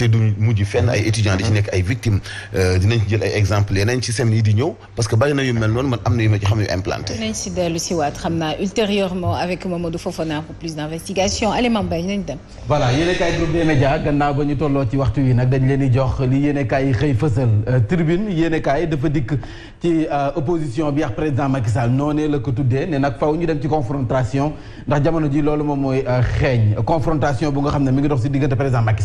te du mujj fenn ay étudiants di ci nekk ay victimes euh, dinañ jël ay exemples ci semaine yi di ñëw parce que bari na yu mel noonu man am na yu ma ci xam yu implanté. dinañ si d' investigation Aliouma Mbaye nañ dem. ba ñu tolloo ci waxtu wi nag dañ leen jox li yéen a xëy fësal euh, tribune yéen a dafa dikk ci euh, opposition bi ak président Macky noonee la ko tuddee ne nag faw ñu dem ci confrontation ndax jamono ji loolu moom mooy xeeñ confrontation bu nga xam ne mi ngi dox si diggante président Macky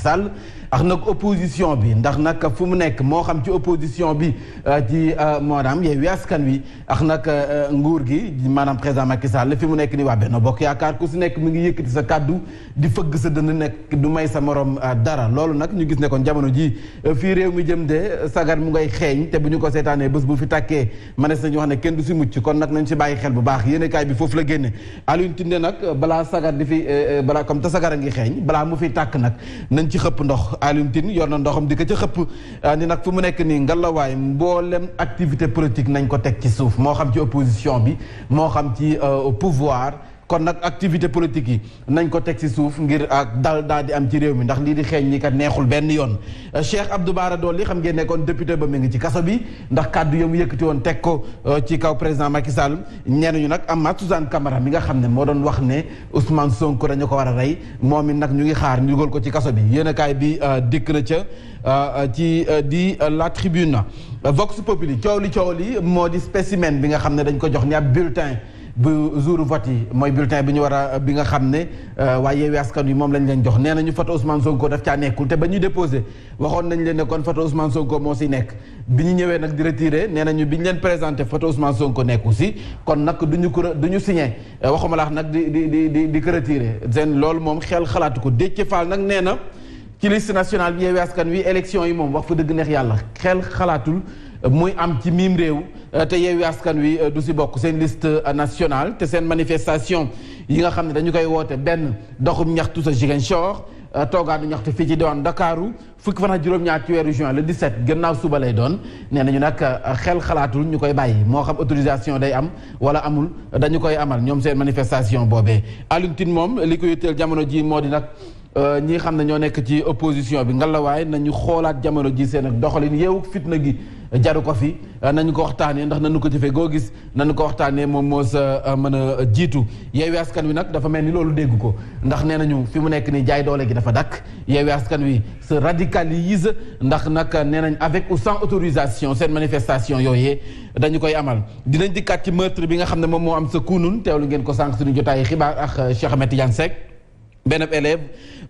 nag opposition bi ndax nag fu mu nekk moo xam ci opposition bi euh, ci euh, maanaam Yewwi Askan Wi ax nag euh, nguur gi maanaam président Macky Sall fi mu nekk ni waa Benno Bokk Yaakaar ku si nekk mu ngi yëkkati sa kàddu di fëgg sa dënd nekk du may sa morom dara loolu nag ñu gis ne kon jamono ji fii réew mi jëm de sagar mu ngay xeeñ te bu ñu ko seetaanee bés bu fi tàkkee manees nañu wax ne kenn du si mucc kon nag nañ si bàyyi xel bu baax kaay bi foofu la génne Alioune Tinde nag balaa sagar di fi balaa comme sagar ngi xeeñ balaa mu fi tàkk nag nañ ci xëpp ndox Alioune Tine yor na ndoxam di ko ca xëpp ah, ni nag fu mu nekk nii ngalawaay mboolem activité politique nañ ko teg ci suuf moo xam ci opposition bi moo xam ci euh, pouvoir kon nag activité politique yi nañ ko teg ci suuf ngir ak ah, dal daal di am ci réew mi ndax lii di xeeñ ñi kat neexul benn yoon euh, Cheikh Abdou Bara Dolly xam ngee nekkoon kon député ba mu ngi ci kaso bi ndax kàddu ya mu yëkkati woon teg ko euh, ci kaw président Macky Sall ñenn ñu nag Amath Suzanne Camara mi nga xam ne moo doon wax ne Ousmane sonk dañu ko war a rey moom it nag ñu ngi xaar ñu dugal ko ci kaso bi yéenekaay bi euh, dikk na ca ci di la tribune Vox Populi coow li coow li moo di spécimen bi nga xam ne dañ ko jox ni bulletin bu jour vote yi mooy bulletin bi ñu war a bi nga xam ne euh, waaye Yewwi Askan Wi moom lañ leen jox nee nañu photo Ousmane Sonko daf caa nekkul te ba ñu déposé waxoon nañ leen ne kon photo Ousmane Sonko moo si nekk bi ñu ñëwee nag di retiré nee nañu bi ñu leen présenté photo Ousmane Sonko nekku si kon nag du ñu ko du ñu signé euh, waxuma laax nag di di di di di ko retiré seen loolu moom xel xalaatu ko Déthié Fall nag nee na ci liste nationale bi Yewwi Wi élection yi moom wax fa dëgg neex yàlla xel xalaatul muy am ci miim réew euh, te yeewi askan wi euh, du si bokk seen liste euh, nationale te seen manifestation yi nga xam ne dañu koy woote benn doxum ñaxtu sa Ziguinchor toogaanu ñaxtu fii ci diwaan Ndakaaru fukki fan ak juróom-ñaar ci weeru juin le 17 gannaaw suba lay doon nee nañu nag xel xalaatul ñu koy bàyyi moo xam autorisation day am wala amul dañu koy amal ñoom seen manifestation boobee Alioune moom li koy yitteel jamono ji moo di nag ñi xam ne ñoo nekk ci opposition bi ngalawaay nañu xoolaat jamono ji seen doxalin yeewu fitna gi jaru ko fi euh, nañu ko waxtaanee ndax nañu ko jëfee koo gis nanu ko waxtaanee moom moo sa euh, mën a jiitu yeewi askan wi nag dafa mel ni loolu dégg ko ndax nee nañu fi mu nekk ni jaay doole gi dafa dakk yeewi askan wi se radicalise ndax nag nee nañ avec ou sans autorisation seen manifestation yooyee dañu koy amal dinañ dikkaat ci meurtre bi nga xam ne moom moo am sa kunun lu ngeen ko sànq suñu jotaay xibaar ak euh, Cheikh Ahmed Tidiane Seck benn élève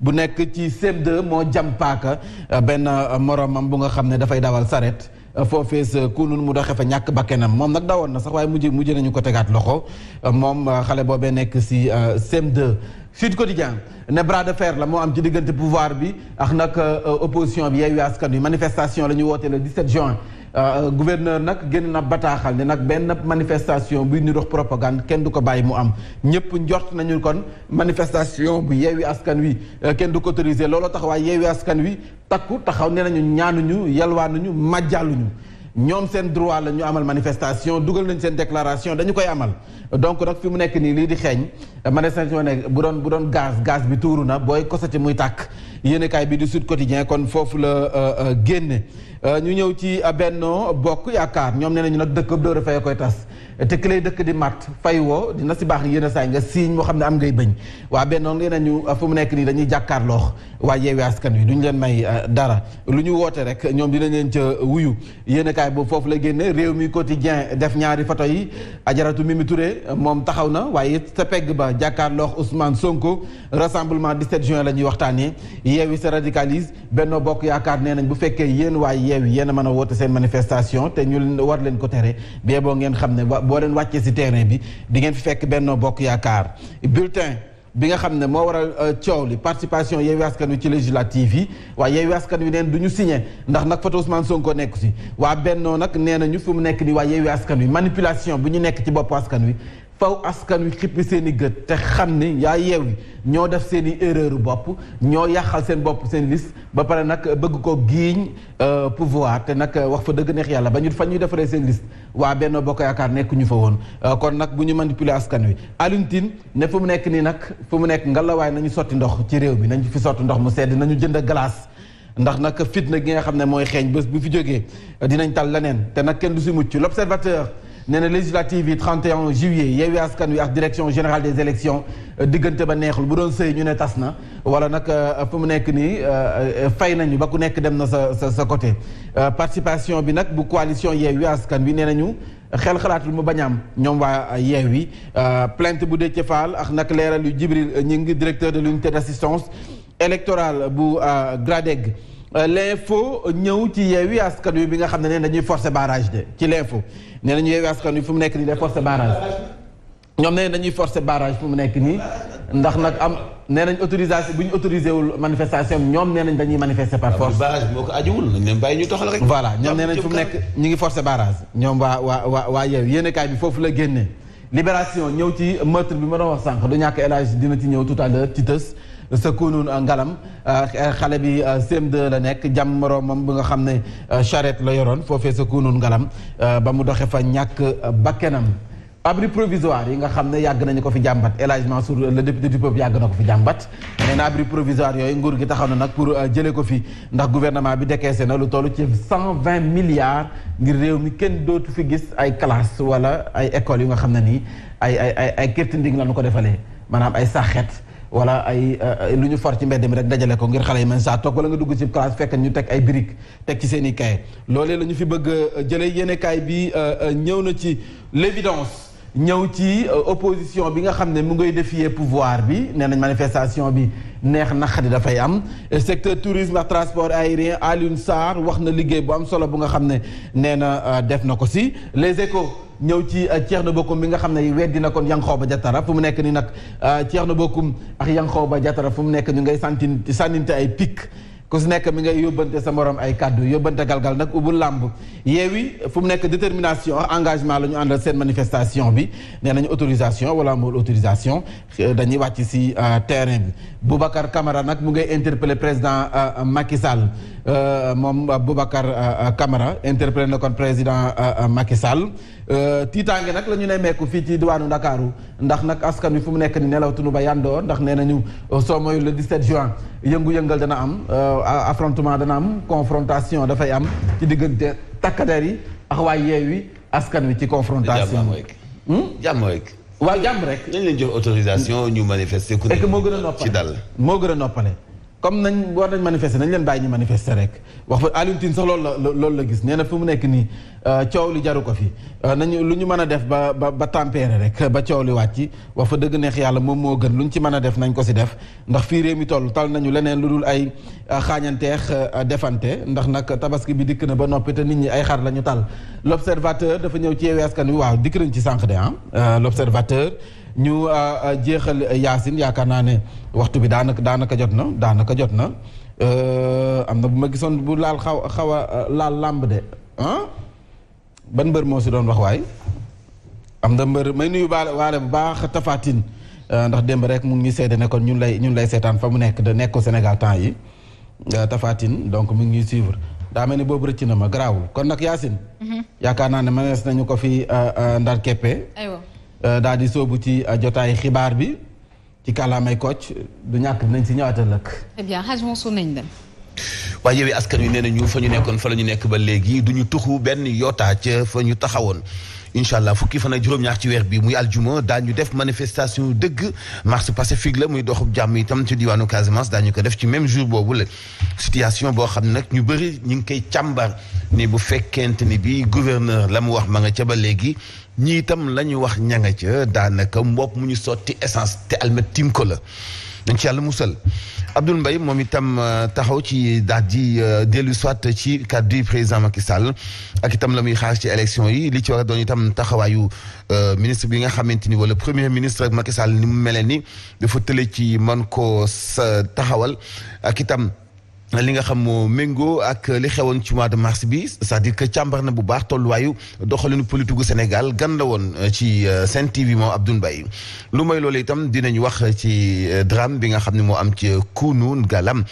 bu nekk ci cm moo jam paaka benn moromam bu nga xam ne dafay dawal saret foofees kunun mu doxe fa ñàkk bakkenam moom nag dawoon na sax waaye mujj mujj nañu ko tegaat loxo moom euh, xale boobee nekk si euh, CM2 Sud Quotidien ne bras de fer la moo am ci diggante pouvoir bi ax nag euh, opposition bi Yewwi Askan Wi manifestation la ñu woote le 17 juin Euh, gouverneur nag génn na bataaxal ne nag benn manifestation buy dox propagande kenn du ko bàyyi mu am ñëpp njort nañu kon manifestation bu yeewi askan wi euh, kenn du ko autorisé looloo tax waaye yeewi askan wi takku taxaw ne nañu ñaanuñu yalwaanuñu màjjaaluñu ñoom seen droit la ñu amal manifestation dugal nañ seen déclaration dañu koy amal donc nag fi mu nekk nii lii di xeeñ manifestation ne bu doon bu doon gaz gaz bi tuuru na booy kosati muy tàkk yéenekaay bi di Sud Quotidien kon foofu la euh, euh, génne euh, ñu ñëw ci Benno Bokk Yaakaar ñoom nee nañu nag dëkk door a fay koy tas te ki dëkk di mat fay woo dina si baax yéen a saay nga siiñ moo xam ne am ngay bëñ waa Benno nee nañu fu mu nekk nii dañuy jàkkaarloo waa Yewwi Askan Wi duñu leen may dara lu ñu woote rek ñoom dinañ leen ca wuyu yéenekaay boobu foofu la génne réew mi quotidien def ñaari photo yi ajaratu Mimi Touré moom taxaw na waaye sa pegg ba jàkkaarloo Ousmane Sonko rassemblement 17 juin la ñuy waxtaanee yeewi se radicalise Benno Bokk Yaakaar nee nañ bu fekkee yéen waaye yeewi yéen a mën seen manifestation te ñu war leen ko tere boo ngeen xam ne boo leen wàccee ci terrain bi di ngeen fi fekk Benno Bokk Yaakaar bulletin bi nga xam ne moo waral euh, coow li participation Yewwi Askan Wi ci législative yi waaye Yewwi Askan Wi neen du ñu signé ndax nag photo Ousmane nekku si waa Bennoo nag nee nañu fi mu nekk nii waa Yewwi Askan Wi manipulation bu ñu nekk ci bopp askan wi faw askan wi xippi seen i gët te xam ne yaa yeewi ñoo def seen i erreur bopp ñoo yàqal seen bopp seen liste ba pare nag bëgg ko giiñ euh, pouvoir te nag euh, wax fa dëgg neex yàlla ba ñu fa ñuy defaree seen liste waa Benno Bokk Yaakaar nekk fa woon euh, kon nag bu ñu manipuler askan wi Alioune ne fu mu nekk nii nag fu mu nekk ngalawaay nañu sotti ndox ci réew mi nañu fi sotti ndox mu sedd nañu jënd glace ndax nag fitna gi nga xam ne mooy xeeñ bés bu fi jógee dinañ tal leneen te nag kenn du si mucc l'observateur nee na législative yi 31 juillet Yewwi Askan Wi ak direction générale des élections euh, diggante ba neexul bu doon sëy ñu ne tas na wala nag euh, fu mu nekk nii euh, fay nañu ba ku nekk dem na sa sa sa côté participation bi nag bu coalition Yewwi Askan Wi nee nañu xel xalaat lu mu bañ am ñoom waa Yewwi plainte bu Déthié Fall ak nag leeral yu Djibril ngi directeur de l'unité d'assistance électorale bu GRADEC l'info ñëw ci Yewwi Askan Wi bi nga xam ne dañuy forcer barrage de ci l'info nee nañu Yewwi Askan Wi fu mu nekk nii day forcer barrage ñoom nee dañuy forcer barrage fu mu nekk nii ndax nag am nee nañ autorisation bu ñu autorisé wul manifestation ñoom nee nañ dañuy manifester par ah, force. barrage moo ko ajiwul nañ leen bàyyi ñu toxal rek. voilà ñoom nee nañ fu mu nekk ñu ngi forcer barrage ñoom waa waa waa waa Yewwi yéenekaay bi foofu la génne libération ñëw ci meurtre bi ma doon wax sànq du ñàkk El dina ci ñëw tout à l'heure ci tës sëkkoonun ngalam eh, xale bi eh, cm de la nekk jam moroomam bu nga xam ne eh, charrette la yoroon foofee sëkkoonun ngalam ba mu doxe fa ñàkk bakkenam abri provisoire yi nga xam ne yàgg nañu ko fi jàmbat élagement sur le député du peuple yàgg na ko fi jàmbat nee na abri provisoire yooyu nguur gi taxaw na nag pour jëlee ko fi ndax gouvernement bi décaissé na lu toll ci cent vingt milliards ngir réew mi kenn dootu fi gis ay classe wala ay écoles yu nga xam ne nii ay ay ay ay kirtinding la ñu ko defalee maanaam ay saxet wala ay euh, lu ñu for ci mbedd mi rek dajale ko ngir xale yi mën saa toog wala nga dugg ci classe fekk ñu teg ay briques teg ci seen i kaye loolee la ñu fi bëgg euh, jëlee yéene kaay bi euh, ñëw na ci l'évidence ñëw ci euh, opposition bi nga xam ne mu ngay défier pouvoir bi nee nañ manifestation bi neex naqari dafay am secteur tourisme ak transport aérien Alioune Sarr wax na liggéey bu am solo bu nga xam ne nee na euh, def na ko si les échos ñëw ci ceex euh, Thierno Bocoum bi nga xam ne weddi na kon Yankhoba Diattara fu mu nekk ni nag Thierno Bocoum ak Yankhoba Diattara fu mu nekk ñu ngay santi sànninte ay pic ku si nekk mi ngay yóbbante sa morom ay kàddu yóbbante galgal nag ubbu làmb yeewi fu mu nekk détermination engagement la ñu àndal seen manifestation bi nee nañu autorisation wala amul autorisation dañuy wàcc si euh, terrain bi Boubacar Camara nag mu ngay interpellé président euh, euh, Macky Sall moom Boubacar Camara interpellé na kon président Macky Sall tiitaange nag la ñu ne meeku fii ci diwaanu Ndakaaru ndax nag askan wi fu mu nekk ni nelawtunu ba yandoor ndax nee nañu soo moyul le 17 juin yëngu-yëngal dana am affrontement dana am confrontation dafay am ci diggante takkader yi ak waa yeewi askan wi ci confrontation. jàmm rek. waaw hmm? jàmm rek. dañ leen jox autorisation ñu manifester. ku nekk moo gën a noppale dal moo gën a noppale. comme nañ war nañ manifester nañ leen bàyyi ñu manifester rek wax fa Alioune Tine sax loolu la loolu la gis nee na fi mu nekk nii euh, coow li jaru ko fi euh, nañu lu ñu mën a def ba ba ba tempérer rek ba coow li wàcc wax fa dëgg neex yàlla moom moo gën lu ñu ci mën a def nañ ko si def ndax fii mi toll tal nañu leneen lu dul ay euh, xaañanteex defante ndax nag tabaski bi dikk na ba noppi te nit ñi ay xar la ñu tal l' observateur dafa ñëw ci yeewee askan wi waaw dikk nañ ci sànq de ah l' observateur ñu euh, euh, jeexal euh, yaasin yaakaar naa ne waxtu bi daanaka daanaka jot na daanaka jot na am na bu ma gisoon bu laal xaw xaw a laal làmb de ban mbër moo si doon waxwaay am na mbër may nuyu baale waale bu baax tafatin ndax démb rek mu ngi seede ne kon ñun lay ñun lay seetaan fa mu nekk da nekku Sénégal temps yi tafatin donc mu ngi ñuy suivre daa mel ni boobu rëcc na ma garaawul kon nag yaasin mhm. yaakaar naa ne mënees nañu ko fi ndar keppe Euh, daal di soobu ci euh, jotaay xibaar bi ci kàllaamay Kocc du ñàkk nañ si ñëwaat ëllëg. eh bien Hadj Mansour nañ dem. waaye yow askan wi nee na ñu fa ñu nekkoon fa la ñu nekk ba léegi du ñu tuxu benn yootaat ca fa ñu taxawoon. incha allah fukki fan ak juróom-ñaar ci weer bi muy aljuma daañu def manifestation dëgg marche pacifique la muy doxub jàmm itam ci diwaanu Casamance daañu ko def ci même jour boobu la situation boo xam nag ñu bëri ñu ngi koy càmbar ni bu fekkente ni bi gouverneur la mu wax ma nga ca ba léegi ñiitam itam la ñu wax ñanga ca daanaka mbopp mu ñu sotti essence te almet tim ko la dañ ci yàlla musal Abdoul Mbaye moom itam euh, taxaw ci daal di euh, dellu soit ci kàddu président Macky Sall ak itam la muy xaar ci élection yi li ci war a doon itam taxawaayu euh, ministre bi nga xamante ni wala premier ministre ak Macky Sall ni mu mel ni dafa tële ci man ko taxawal ak itam. li nga xam moo méngoo ak li xewoon ci mois de mars bi cest di dire càmbar na bu baax tolluwaayu doxalinu politique gu Sénégal gan la woon euh, ci euh, Sen TV moom Abdoul Mbaye lu may loolu itam dinañ wax ci euh, drame bi nga xam ne moo am ci Kounoune Gallam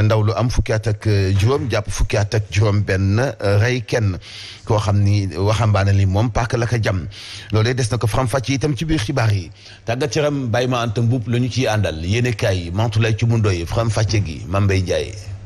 ndaw lu am fukki at ak euh, juróom jàpp fukki at ak juróom benn euh, rey kenn koo xam ni waxambaane li moom paak la ko jam loolee des na ko faram-fàcce tam ci biir xibaar yi tàggat yaram bàyyi ma anta mbuub la ñu ciy àndal yéene kaay mantu lay ci mundoy faram-fàcce gi Mame Mbaye Ndiaye